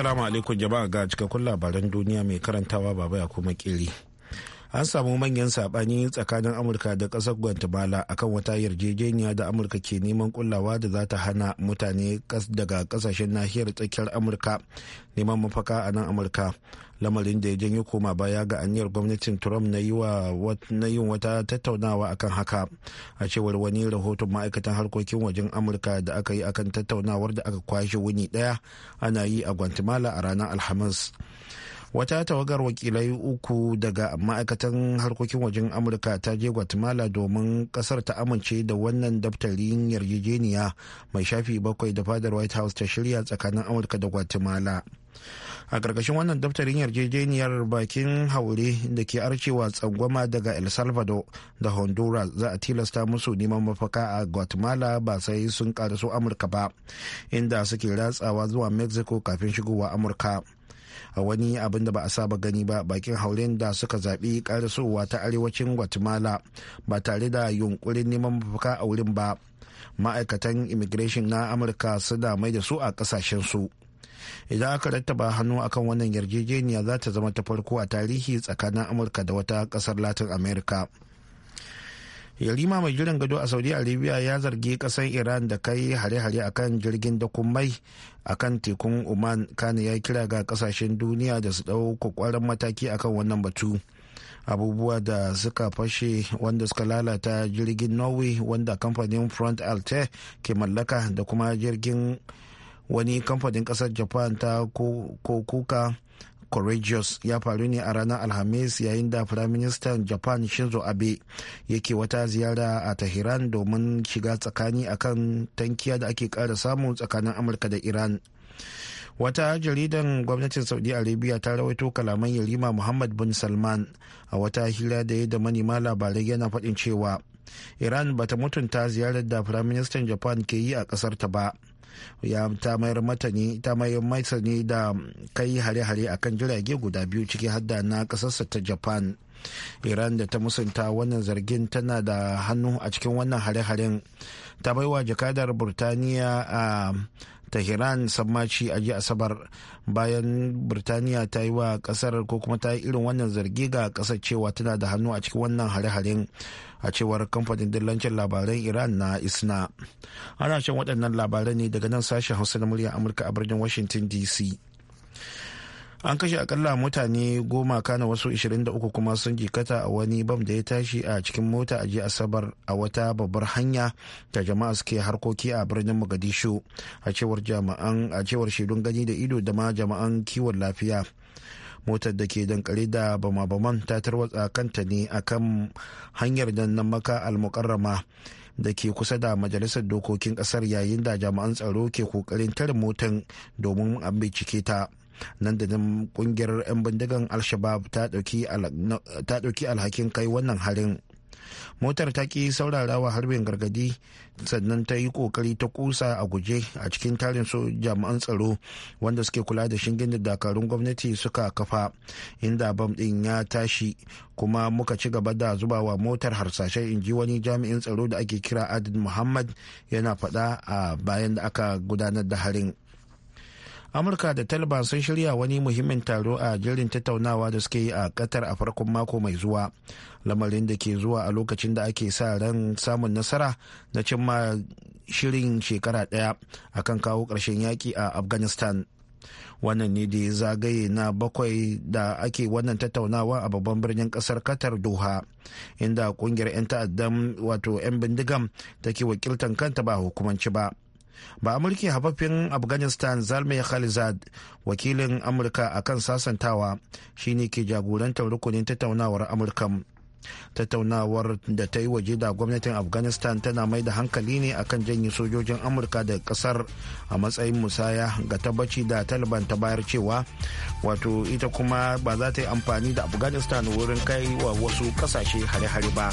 Assalamu alaikum jama'a ga cikakkun labaran duniya mai karantawa baba ya kuma kiri. an samu manyan saɓani tsakanin amurka da ƙasar guatemala kan wata yarjejeniya da amurka ke neman kullawa da za ta hana mutane daga ƙasashen nahiyar tsakiyar amurka neman mafaka a nan amurka lamarin da ya janyo koma baya ga aniyar gwamnatin trump na yin wata tattaunawa akan haka a cewar wani rahoton ma'aikatan harkokin wajen amurka da aka yi akan tattaunawar da aka kwashe wuni daya ana yi a guatemala a ranar alhamis wata tawagar wakilai uku daga ma'aikatan harkokin wajen amurka ta je guatemala domin kasar ta amince da wannan daftarin yarjejeniya mai shafi bakwai da fadar white house ta shirya tsakanin amurka da guatemala a ƙarƙashin wannan daftarin yarjejeniyar bakin haure da ke arcewa tsangwama daga el salvador da honduras za a tilasta musu neman mafaka a guatemala ba sai sun karasu amurka ba inda suke ratsawa zuwa mexico kafin shigowa amurka a wani abin da ba a saba gani ba bakin hauren da suka zaɓi karasowa ta arewacin guatemala ba tare da yunkurin neman mafaka a wurin ba ma'aikatan immigration na amurka su da mai da su a su idan aka rattaba hannu akan wannan yarjejeniya za ta zama ta farko a tarihi tsakanin amurka da wata ƙasar latin america yarima mai jiran gado a saudi arabia ya zargi kasar iran da kai hare-hare akan jirgin da mai a kan tekun oman kane ya kira ga kasashen duniya da su ɗau kwakwaran mataki akan wannan batu abubuwa da suka fashe wanda suka lalata jirgin norway wanda kamfanin front alte ke mallaka da kuma jirgin wani kamfanin kasar japan ta kokuka courageous ya faru ne a ranar alhamis yayin da firaministan japan shinzo abe yake wata ziyara a tehran domin shiga tsakani akan tankiya da ake kara samu tsakanin amurka da iran wata jaridan gwamnatin saudi arabia ta rawaito kalaman yarima muhammad bin salman a wata hira da ya da manema labarai yana faɗin cewa iran bata mutunta ziyarar da firaministan japan ke yi a ƙasarta ba ya ta mayar matani ta mayar matani da kai hare-hare akan jirage guda biyu ciki hadda na kasarsa ta japan iran da ta musanta wannan zargin tana da hannu a cikin wannan hare-haren ta baiwa jakadar burtaniya a ah, tehran sammaci a ji asabar bayan birtaniya ta yi wa kasar ko kuma ta yi irin wannan zargi ga kasar cewa tana da hannu a cikin wannan hare-haren a cewar kamfanin dillancin labaran iran na isna ana shan waɗannan labaran ne daga nan sashen hausa na murya amurka a birnin washington dc an kashe akalla mutane goma kana wasu 23 kuma sun jikata a wani bam da ya tashi a cikin mota a jiya asabar a wata babbar hanya da jama'a suke harkoki a birnin mogadishu a cewar jama'an a cewar shaidun gani da ido da ma jama'an kiwon lafiya motar da ke dankare da bama-baman ta tarwatsa kanta ne a kan hanyar nan maka almukarrama da ke kusa da majalisar dokokin kasar yayin da jami'an tsaro ke kokarin tare motan domin an bincike ta nan da nan kungiyar 'yan bindigan al-shabab ta ɗauki alhakin kai wannan harin motar ta ki saurarawa harbin gargadi sannan ta yi kokari ta kusa a guje a cikin tarin su jami'an tsaro wanda suke kula da shingen da dakarun gwamnati suka kafa inda bam din ya tashi kuma muka ci gaba da zubawa motar harsashen ji wani jami'in tsaro da ake kira adin muhammad yana faɗa a bayan da aka gudanar da harin amurka da taliban sun shirya wani muhimmin taro a jirin tattaunawa da suke yi a qatar a farkon mako mai zuwa lamarin da ke zuwa a lokacin da ake sa ran samun nasara na cimma shirin shekara daya akan kawo karshen yaƙi a afghanistan wannan ne da ya zagaye na bakwai da ake wannan tattaunawa a babban birnin kasar qatar doha inda kungiyar 'yan ta'addan wato 'yan bindigan take wakiltan kanta ba hukumanci ba ba mulki hafafin afghanistan zalmay khalizad wakilin amurka a kan sasantawa shine ke jagorantar rukunin tattaunawar amurka tattaunawar da ta yi waje da gwamnatin afghanistan tana mai da hankali ne akan janye sojojin amurka da kasar a matsayin musaya ga tabbaci da taliban ta bayar cewa wato ita kuma ba za ta yi amfani da afghanistan wurin kai wa wasu kasashe hare-hare ba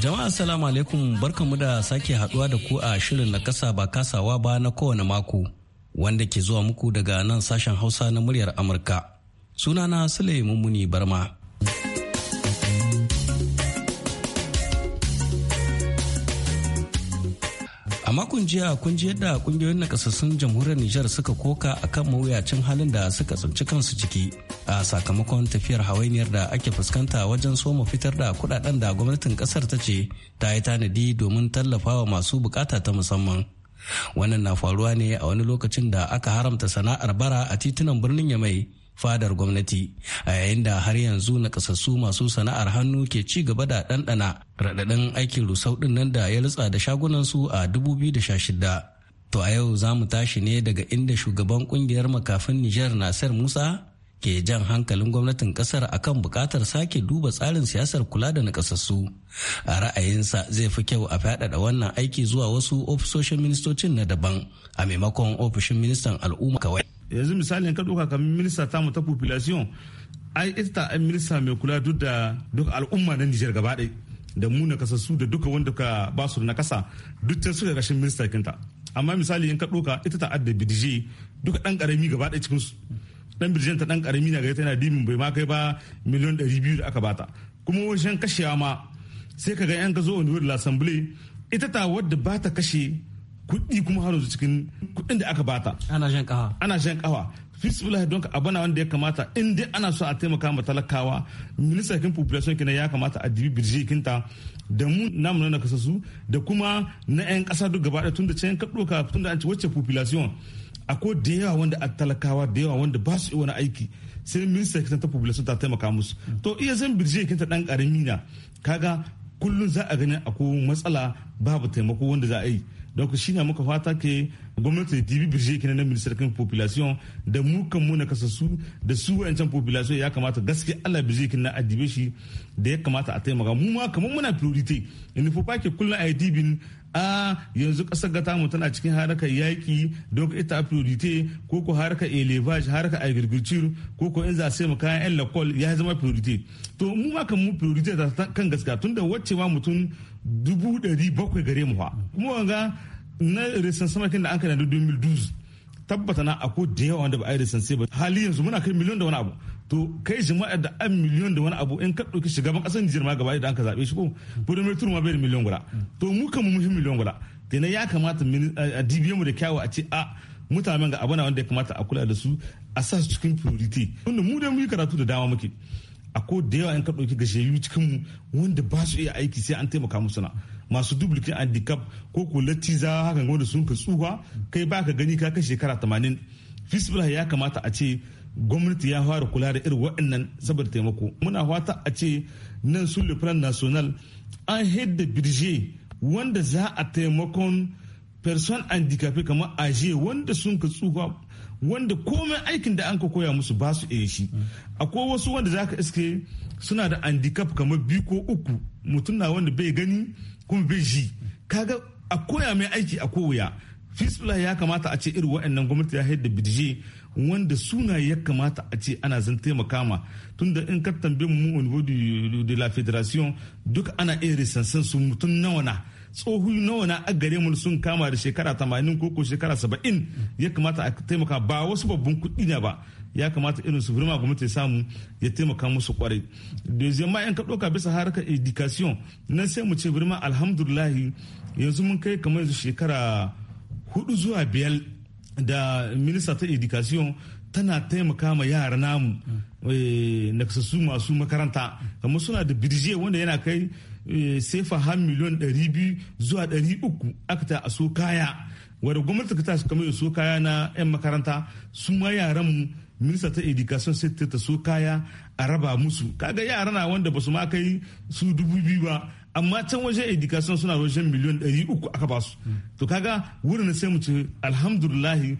Jama'a assalamu alaikum barkamu da sake haduwa da ku a shirin na kasa ba kasawa ba na kowane mako wanda ke zuwa muku daga nan sashen Hausa na muryar Amurka. Sunana Sule Mummuni Barma. a makon jiya kun ji yadda kungiyoyin nakasassun jamhuriyar nijar suka koka a kan mawuyacin halin da suka tsinci kansu ciki a sakamakon tafiyar hawainiyar da ake fuskanta wajen soma fitar da kudaden da gwamnatin kasar ta ce ta yi tanadi domin tallafawa masu bukata ta musamman wannan na faruwa ne a wani lokacin da aka haramta sana'ar bara a titunan birnin yamai fadar gwamnati a yayin da har yanzu nakasassu masu sana'ar hannu ke ci gaba da ɗanɗana raɗaɗin aikin rusau ɗin nan da ya rutsa da shagunansu a 2016 To a yau za mu tashi ne daga inda shugaban ƙungiyar makafin Nijar Nasir Musa ke jan hankalin gwamnatin kasar akan bukatar sake duba tsarin siyasar kula da nakasassu. A ra'ayinsa zai fi kyau a faɗaɗa wannan aiki zuwa wasu ofisoshin ministocin na daban a maimakon ofishin ministan al'umma kawai. yanzu misali ka ɗauka kamar minista mu ta population ai ita ta minista mai kula duk da duk al'umma na Nijar gaba ɗaya da mu na kasa su da duka wanda ka ba su na kasa duk can suka gashin minista kinta amma misali in ka ɗauka ita ta adda bidije duka ɗan ƙarami gaba ɗaya cikin su ɗan bidijen ta ɗan ƙarami na gari tana dimin bai ma kai ba miliyan ɗari biyu da aka bata kuma wajen kashewa ma sai ka ga yan ka zo wani wurin assembly ita ta wadda ba ta kashe kuɗi kuma har cikin kuɗin da aka bata ana shan kawa ana shan kawa fisbillahi don abana wanda ya kamata in dai ana so a taimaka ma talakawa minista kin population kina ya kamata a dibi birji kinta da mu mu na su da kuma na yan kasa duk gaba da tunda can ka doka tunda an ci wacce population akwai da yawa wanda a talakawa da yawa wanda ba su yi wani aiki sai minista kinta ta population ta taimaka musu to iya zan birji kinta dan karami na kaga kullum za a gani akwai matsala babu taimako wanda za a yi donc shi ne muka fata ke gwamnati da dibi birje kenan na minister kan population da mu kan mu na kasassu da su wayancan population ya kamata gaske Allah birje kenan a adibe shi da ya kamata a taimaka mu ma kamar muna priority in faut pas que kullun a dibin a yanzu kasar gata mu tana cikin harkar yaƙi dok ita priority ko ko harkar elevage harkar agriculture ko ko in za sai mu kayan yan lakol ya zama priority to mu ma kan mu priority kan gaskiya tunda wacce ma mutum dubu dari bakwai gare mu fa kuma ga na resansamakin da an kana da 2012 tabbata na akwai da yawa wanda ba a yi resanse ba hali yanzu muna kai miliyon da wani abu to kai jama'a da an miliyon da wani abu in ka ɗauki shugaban ƙasar Nijar ma gaba da an ka zaɓe shi ko mai Turma bai da miliyon guda to mu kan mu muhim miliyon guda kenan ya kamata a dibiye mu da kyawu a ce a mutanen ga abu na wanda ya kamata a kula da su a sa su cikin priority wanda mu dai mu yi karatu da dama muke a ko da yawa in ka ɗauki gashayyu cikin mu wanda ba su iya aiki sai an taimaka musu na masu duplicate handicap ko ko za hakan wanda sun ka tsuha kai baka gani ka kai shekara 80 fisbila ya kamata a ce gwamnati ya fara kula da irin waɗannan saboda taimako muna fata a ce nan sun lufran national an hidda birje wanda za a taimakon person handicapé kamar aje wanda sun ka tsufa wanda komai aikin da an ka koya musu ba su iya shi akwai wasu wanda za ka iske suna da handicap kamar biyu ko uku mutum na wanda bai gani kuma bai ji kaga a koya mai aiki a kowuya fisbula ya kamata a ce irin waɗannan gwamnati ya haidda bidije wanda suna ya kamata a ce ana zan taimaka ma tunda in ka tambaye mu au niveau de la federation duk ana iya risansan su mutum nawa na tsohu nawa na a gare mu sun kama da shekara tamanin ko ko shekara saba'in ya kamata a taimaka ba wasu babban kuɗi ne ba ya kamata irin su firma gwamnati ya samu ya taimaka musu kwarai deuxième ma yan ka ɗauka bisa harkar education nan sai mu ce firma alhamdulahi yanzu mun kai kamar yanzu shekara hudu zuwa biyar da minista ta education tana taimaka ma yara namu eh, nakasassu masu makaranta kamar suna da birje wanda yana kai eh, sefa har ɗari 200 zuwa 300 aka ta a so kaya wadda gwamnati ta kama so kaya na 'yan makaranta su ma yaran mu minista ta education sai ta taso kaya a raba musu kaga yara na wanda basu ma kai su dubu biyu ba amma can wajen education suna wajen miliyan ɗari uku aka ba su to kaga wurin sai mu ce alhamdulillahi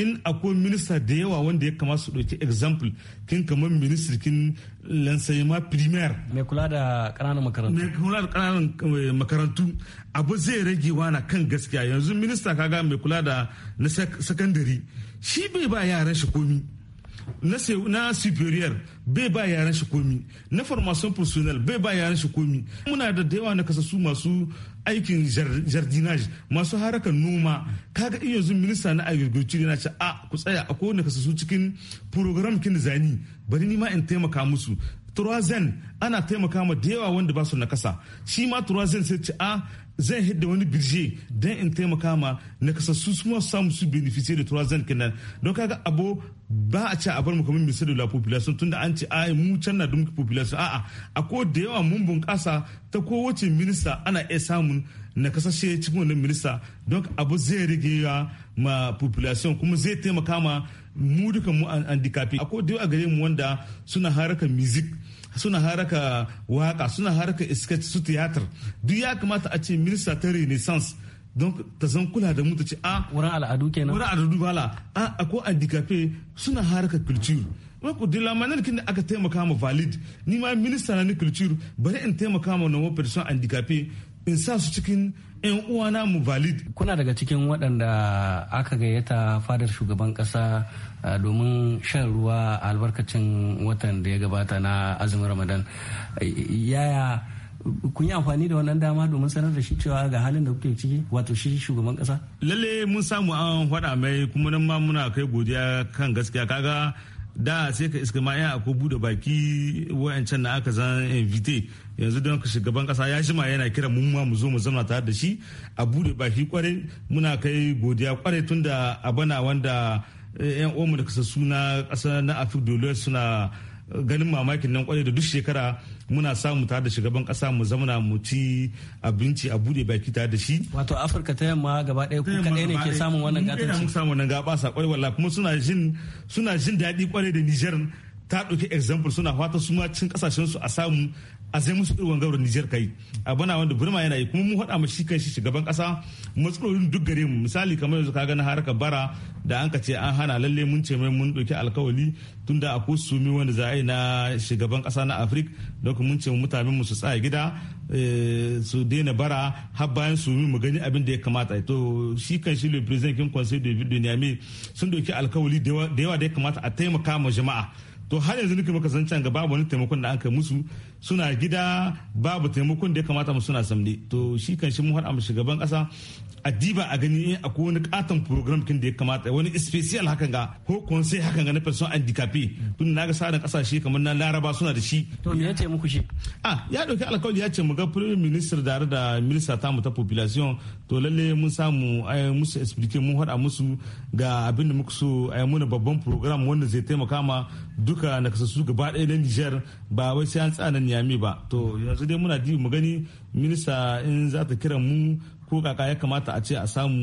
in akwai minista da yawa wanda ya kama su ɗauki example kin kamar ministry kin ma primaire mai kula da ƙananan makarantu mai kula da ƙananan eh, makarantu abu zai rage wana kan gaskiya yanzu minista kaga mai kula da na secondary shi bai ba yaran shi komi na superior bai ba yaran shi komi na formation personnel bai ba yaran shi komi muna da da yawa na kasasu masu aikin jardinage masu haraka noma kaga in yanzu minista na agriculture yana ce a ku tsaya a kowane kasasu cikin program kin zani bari ni ma in taimaka musu turazen ana taimaka ma da yawa wanda ba su na kasa shi ma turazen sai ce a zai hidda wani birje don in taimaka ma na kasassu su ma samu su benefice da turazan kenan don kaga abo ba a ce a bar mu kamar misali da population tunda an ce ai mu can na dumki population a'a a ko da yawa mun bunƙasa ta kowace minista ana iya samun na kasashe cikin wannan minista don abu zai rage ma population kuma zai taimaka ma mu duka mu handicapin a ko da yawa gare mu wanda suna harkar music suna haraka waka suna haraka iska su tiyatar duk ya kamata a ce minista ta renaissance don ta san kula da mu ta ce a wurin al'adu kenan wurin al'adu bala a akwai handicapé suna haraka culture ko de la manière kin aka taimaka ma valid ni ma minista na ni culture bari in taimaka ma na person handicapé in sa su cikin yan uwana mu valid kuna daga cikin waɗanda aka gayyata fadar shugaban ƙasa domin shan ruwa albarkacin watan da ya gabata na azumin ramadan yaya kun yi amfani da wannan dama domin sanar da shi cewa ga halin da kuke ciki wato shi shugaban kasa lalle mun samu an faɗa mai kuma nan ma muna kai godiya kan gaskiya kaga da sai ka iska ma ma'aya ko bude baki wayancan na aka zan invite yanzu don ka shugaban kasa ya shima yana kira mun ma mu zo mu zama tare da shi a bude baki kwarai muna kai godiya kwarai tunda a bana wanda yan omar da kasassu na kasa na afirka dole suna ganin mamakin nan kwarai da duk shekara muna samu tare da shugaban kasa mu zamana mu ci abinci a bude baki tare da shi wato afirka ta yamma gaba daya ku kaɗai ne ke samun wannan gatanci ne mun samu nan gaba sa kwarai wallahi kuma suna jin suna jin dadi kwarai da niger ta ɗauki example suna fata su ma cikin kasashen su a samu a zai musu irin gaurin Nijar kai abana wanda Burma yana yi kuma mun haɗa mu shi kan shi shugaban kasa matsalolin duk gare mu misali kamar yanzu ka ga na harkar bara da an ka ce an hana lalle mun ce mai mun ɗauki alkawali tunda a kusumi wanda za a yi na shugaban kasa na Afrik don mun ce mutanen mu su tsaya gida eh, su daina bara har bayan su mu gani abin da ya kamata to shi kan shi le president kin conseil de vie de Niamey sun ɗauki alkawali da yawa da ya kamata a taimaka ma jama'a to har yanzu nake maka san ga babu wani taimakon da an kai musu suna gida babu taimakon da ya kamata mu suna samne to shi kan shi mun haɗa mu shugaban kasa a diba a gani akwai wani katon program kin da ya kamata wani special hakan ga ko konsai hakan ga na person handicapé tun na ga sadan kasashe kamar na laraba suna da shi to me yace muku shi ah ya dauki alƙawari ya ce mu ga prime minister da da minister ta mu ta population to lalle mun samu ai musu explique mun haɗa musu ga abin da muka so ai muna babban program wanda zai taimaka ma duk duka su gaba ɗaya na Nijar ba wai sai an tsana Niyami ba to yanzu dai muna dibi mu gani minista in za ta kira mu ko kaka ya kamata a ce a samu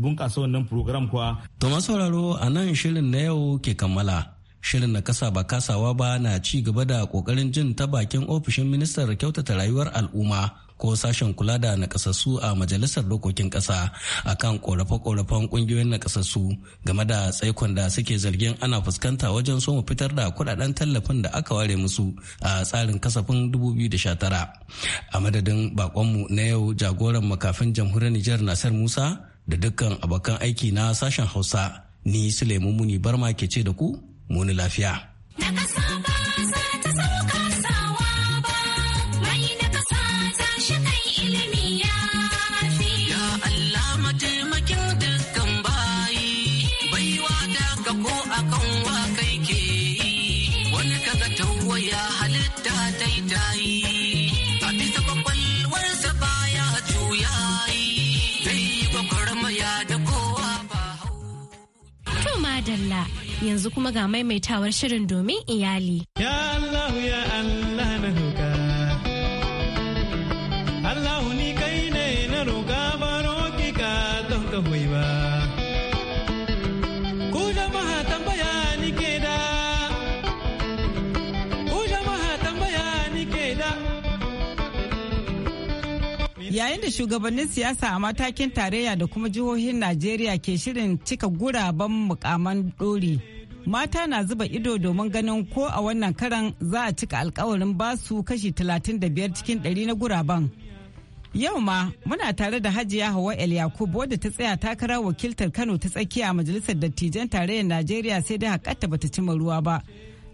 bunƙasa wannan program kuwa. To masu sauraro a nan shirin na yau ke kammala. Shirin na kasa ba kasawa ba na ci gaba da ƙoƙarin jin ta bakin ofishin ministar kyautata rayuwar al'umma ko sashen kula da nakasassu a majalisar dokokin ƙasa akan korafe-korafen ƙungiyoyin nakasassu game da tsaikon da suke zargin ana fuskanta wajen so mu fitar da kuɗaɗen tallafin da aka ware musu a tsarin kasafin 2019 a madadin bakonmu na yau jagoran makafin jamhuriyar Nijar nasar Musa da dukkan abokan aiki na sashen Hausa ni Suleiman Muni Barma ke ce da ku muni lafiya. madalla yanzu kuma ga maimaitawar shirin domin iyali. Ya Allah ya Allah shugabannin siyasa a matakin tarayya da kuma jihohin Najeriya ke shirin cika guraben mukaman ɗori. Mata na zuba ido domin ganin ko a wannan karan za a cika alkawarin basu kashi 35 cikin 100 na guraben. Yau ma muna tare da Hajiya Hawa El Yakubu wadda ta tsaya takara wakiltar Kano ta tsakiya a Majalisar Dattijan Tarayyar Najeriya sai dai hakatta bata cima ruwa ba.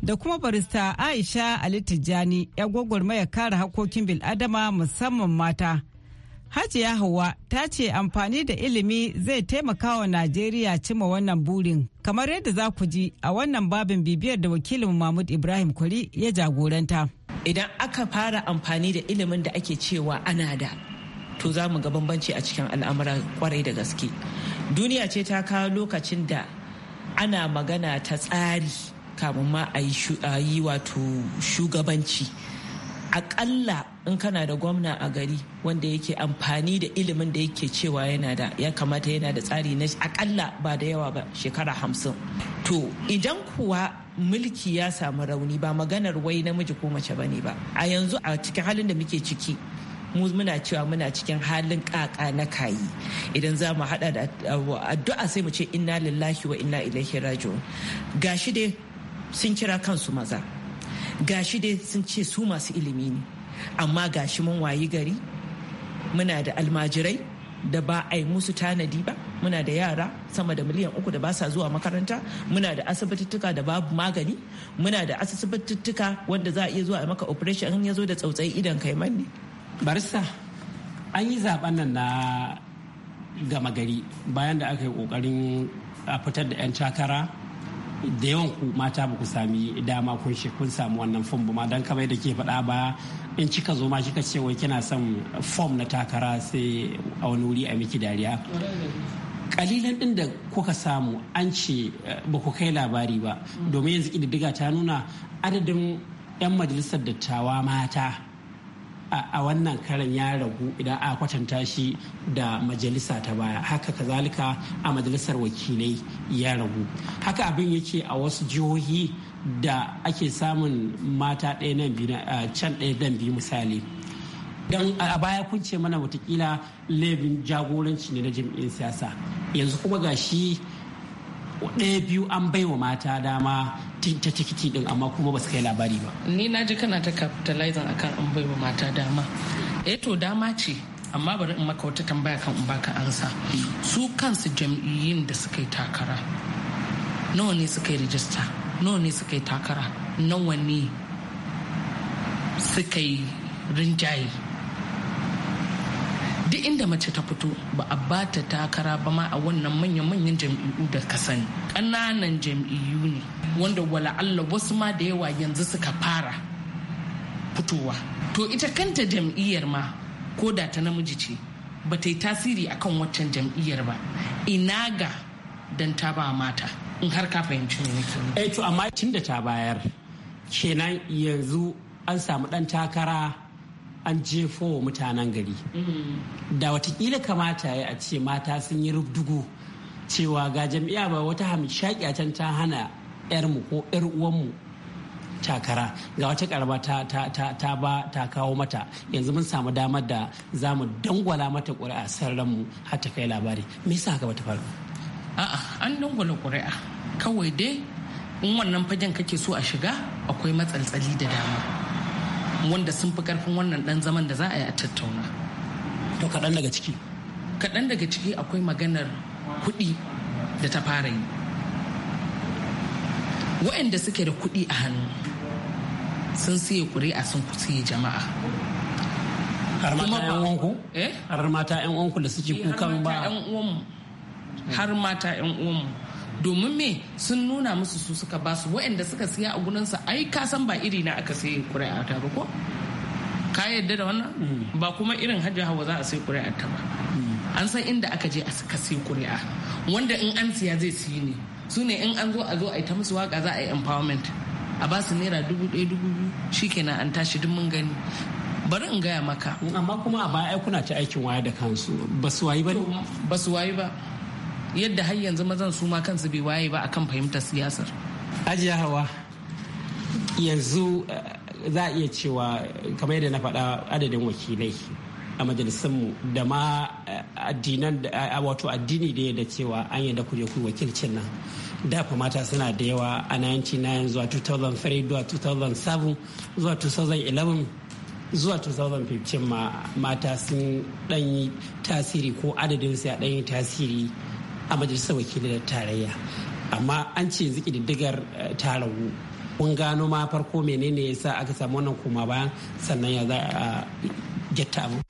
Da kuma barista Aisha Ali Tijjani ya gwagwarmaya kare hakokin bil'adama musamman mata Hajiya Hauwa ta ce amfani da ilimi zai taimaka wa Najeriya cima wannan burin. Kamar yadda za ku ji a wannan babin bibiyar da wakilin Mahmud Ibrahim Kwari ya jagoranta. Idan aka fara amfani da ilimin da ake cewa ana da, to za mu ga bambanci a cikin al'amura kwarai da gaske. Duniya ce ta kawo lokacin da ana magana ta tsari kamun ma a yi wato shugabanci. akalla in kana da gwamna a gari wanda yake amfani da ilimin da yake cewa yana da ya kamata yana da tsari na akalla ba da yawa ba shekara hamsin to idan kuwa mulki ya samu rauni ba maganar wai namiji ko mace ba ne ba a yanzu a cikin halin da muke ciki mu muna cewa muna cikin halin kaka na kayi idan za mu hada da addu'a sai mu ce inna lillahi wa inna ilaihi raji'un gashi dai sun kira kansu maza gashi dai sun ce su masu ilimi ne amma gashi mun wayi gari muna da almajirai da ba a yi musu tanadi ba muna da yara sama da miliyan uku da ba sa zuwa makaranta muna da asibitittuka da babu magani muna da asibitittuka wanda za a iya zuwa a maka operation in ya zo da tsautsayi idan kai manne barista an yi zaben nan na gama gari bayan da aka yi kokarin a fitar da 'yan takara da yawan ku mata ba ku sami dama kun shi kun samu wannan fom ba ma don kamar da ke faɗa ba in kika zo ma kika ce wai kina son fom na takara sai a wani wuri a miki dariya kalilan ɗin da kuka samu an ce eh, ba ku kai labari ba domin yanzu ƙididdiga ta nuna adadin 'yan majalisar dattawa mata a wannan karan ya ragu idan a kwatanta shi da majalisa ta baya haka kazalika a majalisar wakilai ya ragu haka abin yake a wasu jihohi da ake samun mata ɗaya nan can ɗaya dan biyu misali don a baya kun ce mana watakila laifin jagoranci ne na jami'in siyasa yanzu kuma ga shi ɗaya biyu an baiwa mata dama ta tikiti din amma kuma ba su kai labari ba ni na ji kana ta capitalizing akan an baiwa mata dama eh to dama ce amma bari in maka wata tambaya kan in baka ansa su kansu jam'iyyun da suka yi takara nawa ne suka yi rijista nawa ne suka yi takara nawa ne suka yi rinjaye duk inda mace ta fito ba a ba ta takara ba ma a wannan manyan-manyan jam'iyyu da ka sani ƙananan jam'iyyu ne wanda wala Allah wasu ma da yawa yanzu suka fara fitowa to ita kanta jam'iyyar ma ko da ta namiji ce ba ta yi tasiri akan waccan jam'iyyar ba ina ga dan ta ba mata in har ka fahimci ne nake eh to amma tun ta bayar kenan yanzu an samu dan takara an jefo wa mutanen gari da watakila kamata ya a ce mata sun yi rubdugu cewa ga jam'iyya ba wata hamshaƙi can ta hana 'yarmu ko 'yar uwanmu takara ga wata karba ta, ba ta kawo mata yanzu mun samu damar da za mu dangwala mata ƙuri'a sarranmu har ta kai labari me yasa haka bata faru a'a an dangwala ƙuri'a kawai dai in wannan fagen kake so a shiga akwai matsaltsali da dama wanda sun fi karfin wannan dan zaman da za a yi a tattauna to kaɗan daga ciki kaɗan daga ciki akwai maganar kuɗi da ta fara yi waɗanda suke da kuɗi a hannu sun siye ƙuri'a sun siya jama'a har mata yan uwanku eh? har mata yan uwanku da suke eh, kukan ba har mata yan uwanmu domin me sun nuna musu su suka ba su wa'anda suka siya a gudunsa ai ka san ba iri na aka sai kuri'a ba ko ka yadda da wannan mm. ba kuma irin hajji hawa za a sai kuri'a ba mm. an san inda aka je aka sayi kuri'a wanda in an siya zai siyi ne su ne in an zo a zo a yi ta musu waka za a yi empowerment a ba su naira dubu ɗaya dubu biyu shikenan an tashi duk mun gani bari in gaya maka amma kuma a baya kuna ci aikin waya da kansu ba su wayi ba ba su wayi ba yadda har yanzu mazan su ma kansu bai waye ba akan fahimtar siyasar ajiya hawa yanzu eh, za a iya cewa kamar yadda na faɗa adadin wakilai a mu da ma eh, addinan eh, wato addini da yadda cewa an yadda kuje ku wakilcin nan da fa mata suna da yawa a 1999 zuwa 2003 zuwa 2007 zuwa 2011 zuwa 2015 ma mata sun ɗanyi tasiri ko adadin su ya ɗanyi tasiri a majalisar wakilai da tarayya amma an ce yanzu ƙididdigar eh, ta ragu kun gano ma farko menene ya sa aka samu wannan koma bayan sannan ya za a getta abu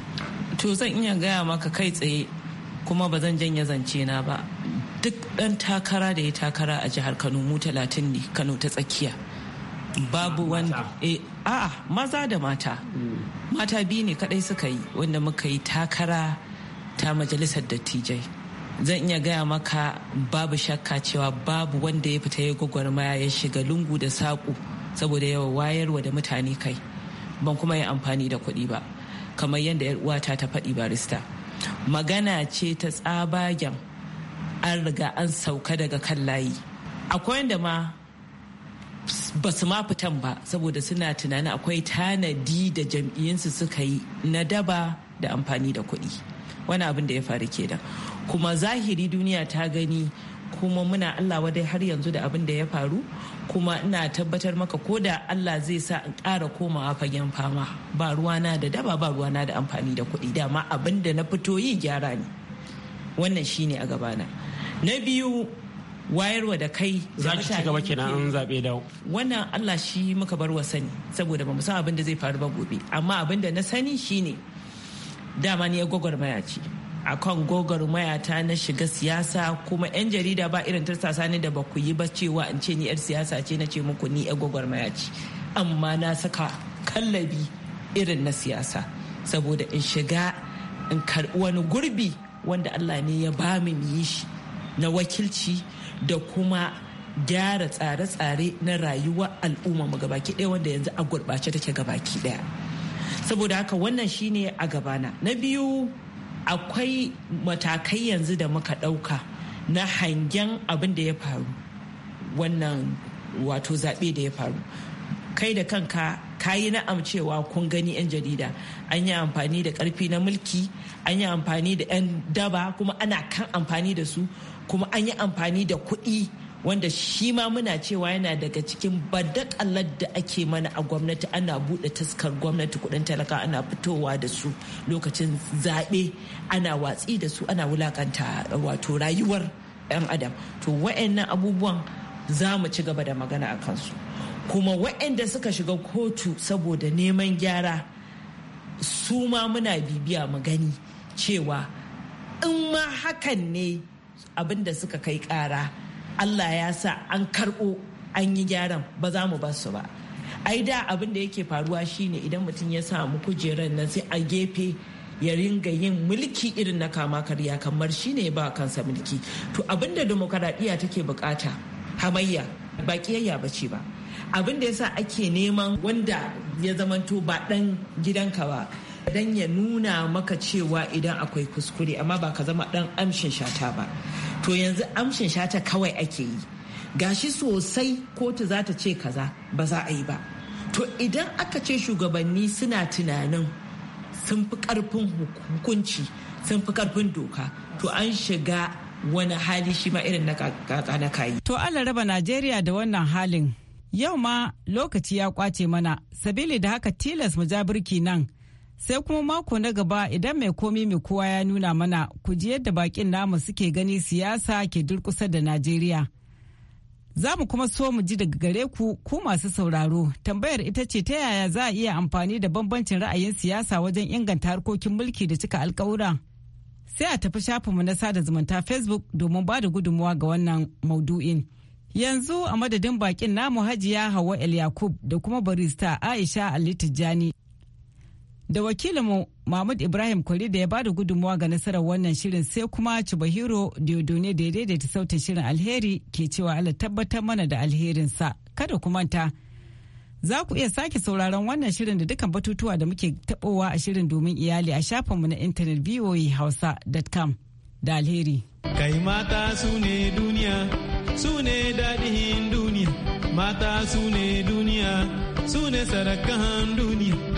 to zan iya gaya maka kai tsaye kuma ba zan janye zance na ba duk ɗan takara da ya takara a jihar kano mu talatin ne kano ta tsakiya babu wanda e, a'a maza da mata hmm. mata biyu ne kadai suka yi wanda muka yi takara ta majalisar dattijai zan iya gaya maka babu shakka cewa babu wanda ya fita ya gwagwarmaya ya shiga lungu da saƙo saboda yawa wayarwa da mutane kai ban kuma yi amfani da kuɗi ba kamar yadda 'yar uwata ta faɗi barista magana ce ta tsabagen an riga an sauka daga kan layi akwai wanda ma ba su ma fitan ba saboda suna tunanin akwai tanadi da jam'iyyinsu suka yi na daba da amfani da kuɗi wani abin da ya faru kenan kuma zahiri duniya ta gani kuma muna Allah wadai har yanzu da abin da ya faru kuma ina tabbatar maka ko da Allah zai sa in ƙara komawa fagen fama ba ruwana da daba ba ruwana da amfani da kuɗi dama abin da na fito yi gyara ne wannan shine a gabana na biyu wayarwa da kai za ki ci gaba kenan an zabe dawo wannan Allah shi muka bar wa sani saboda ba mu san abin da zai faru ba gobe amma abin da na sani shine dama ni ya gwagwarmaya ce akan gogar ta na shiga siyasa kuma 'yan jarida ba irin tarsasa ne da ba yi ba cewa in ce ni 'yar siyasa ce na ce muku ni 'yar gwagwarmaya ce amma na saka kallabi irin na siyasa saboda in shiga in karɓi wani gurbi wanda allah ne ya ba mu yi shi na wakilci da kuma gyara tsare-tsare na rayuwa al'umma mu gabaki ɗaya wanda yanzu a gurɓace take gabaki ɗaya saboda haka wannan shine a gabana na biyu akwai matakai yanzu da muka ɗauka na hangen abin da ya faru wannan wato zaɓe da ya faru kai da kanka ka yi na'am cewa kun gani 'yan jarida an yi amfani da ƙarfi na mulki an yi amfani da 'yan daba kuma ana kan amfani da su kuma an yi amfani da kuɗi wanda shi ma muna cewa yana daga cikin badakalar da ake mana a gwamnati ana buɗe taskar gwamnati kuɗin talaka ana fitowa da su lokacin zaɓe ana watsi da su ana wulakanta wato rayuwar 'yan adam to wa'annan abubuwan za mu ci gaba da magana a kansu kuma wa'anda suka shiga kotu saboda neman gyara su ma muna bibiya mu gani cewa in ma hakan ne abin da suka kai ƙara Allah ya sa an karɓo an yi gyaran ba za mu basu ba ai da abin da yake faruwa shine idan mutum ya samu kujerar nan sai a gefe ya ringa yin mulki irin na kama karya kamar shine ya ba kansa mulki to abin da demokaradiyya take bukata hamayya ba kiyayya ba ce ba abin da yasa ake neman wanda ya zamanto ba dan gidanka ba dan ya nuna maka cewa idan akwai kuskure amma ba ka zama ɗan amshin shata ba to yanzu amshin shata kawai ake yi gashi sosai kotu za ta ce kaza ba za a yi ba to idan aka ce shugabanni suna tunanin sun fi karfin hukunci sun fi karfin doka to an shiga wani hali shi ma irin na kayi. to allah raba najeriya da wannan halin yau ma lokaci ya kwace mana sabili da haka tilas mu ja birki nan sai kuma mako na gaba idan mai komi mai kowa ya nuna mana ku ji yadda bakin namu suke gani siyasa ke durkusa da najeriya za mu kuma so mu ji daga gare ku ku masu sauraro tambayar ita ce ta yaya za a iya amfani da bambancin ra'ayin siyasa wajen inganta harkokin mulki da cika alkawura sai a tafi shafinmu na sada zumunta facebook domin ba da gudunmuwa ga wannan maudu'in yanzu a madadin bakin namu hajiya hawa el da kuma barista aisha ali tijjani da wakilinmu mahmud ibrahim kwari da ya ba da gudunmawa ga nasarar wannan shirin sai kuma ci diodone da ya daidaita sautin shirin alheri ke cewa ala tabbatar mana da alherinsa kada ku manta za ku iya sake sauraron wannan shirin da dukkan batutuwa da muke tabowa a shirin domin iyali a shafinmu na intanet voahausa.com da alheri kai mata su ne duniya su ne dadihin duniya mata su ne duniya su ne sarakan duniya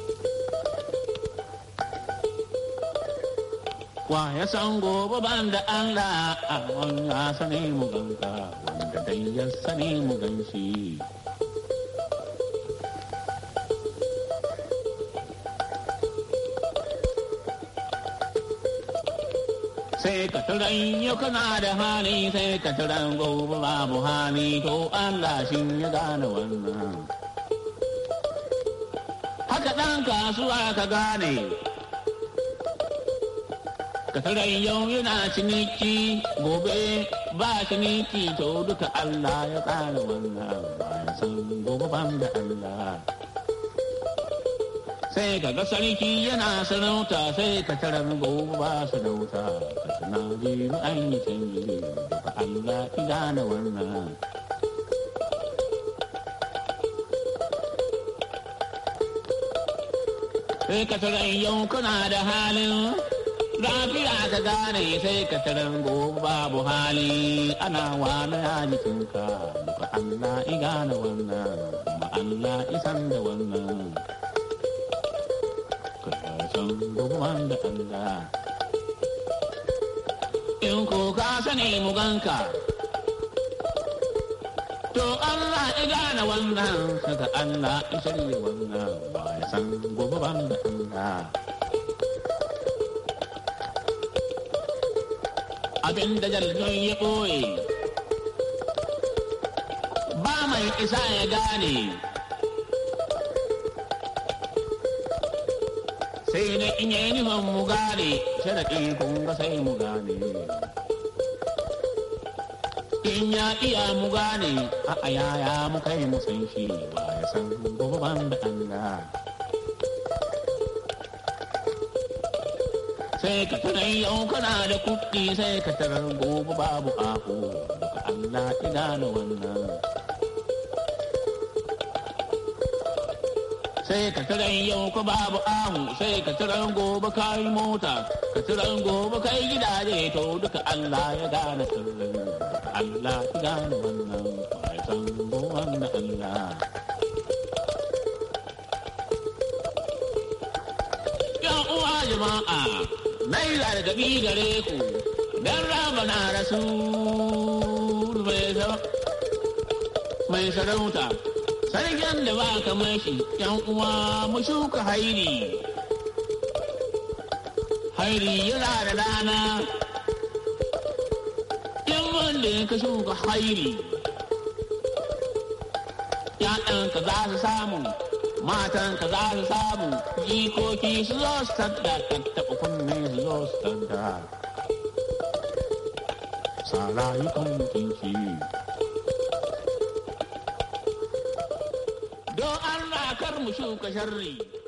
wa ya san gobe ban da Allah amman ya sani mu ganga wanda dai ya sani mu ganshi. sai ka turan yau kana da hali sai ka turan gobe babu hali to Allah shi ya gane wannan. Haka ɗan kasuwa ka gane Kasirai yau yana ciniki gobe ba ciniki to duka Allah ya tsara wannan bayan san gobe ban da Allah. Sai ka ga sarki yana sarauta sai ka tarar gobe ba sarauta ka tuna biyu an yi canji duka Allah ya na wannan. Sai ka tarar yau kana da halin Lafiya ka gane sai ka tarin gobe babu hali ana wane jikinka duka Allah igana wannan kuma Allah isan da wannan. Kasan gudunman da Allah. In ko ka sani muganka To Allah igana wannan, saka Allah isan da wannan, ba ya san gobe ban da Allah. abin da jaridun ya ɓoye ba mai isa ya gane sai na inye nufin mu gane sharaɗi kun ga sai mu gane in ya iya mu gane a ayaya mu kai mu san shi ba ya san gobe ban da gane. sai ka tarar yau kana da kuɗi sai ka tara gobe babu ahu daga Allah ina da wannan sai ka tarar yau ka babu ahu sai ka tara gobe kai mota ka tara gobe kai gidaje to duka Allah ya gane sirrin Allah ina gane wannan mai san wannan Allah ya uwa jama'a Nai gargaɗi gare ku, don raba na rasu mai sarauta. Sarkin da ba ka shi, ‘yan uwa mu shuka hairi. Hairi yana da rana, yan wanda ya ka shuka hairi, ‘ya'yanka za su samu. matan ka za su samu jikoki su zo su tadda kan taɓa kunne su zo su tadda sa rayukan mutunci don an rakar mu shuka sharri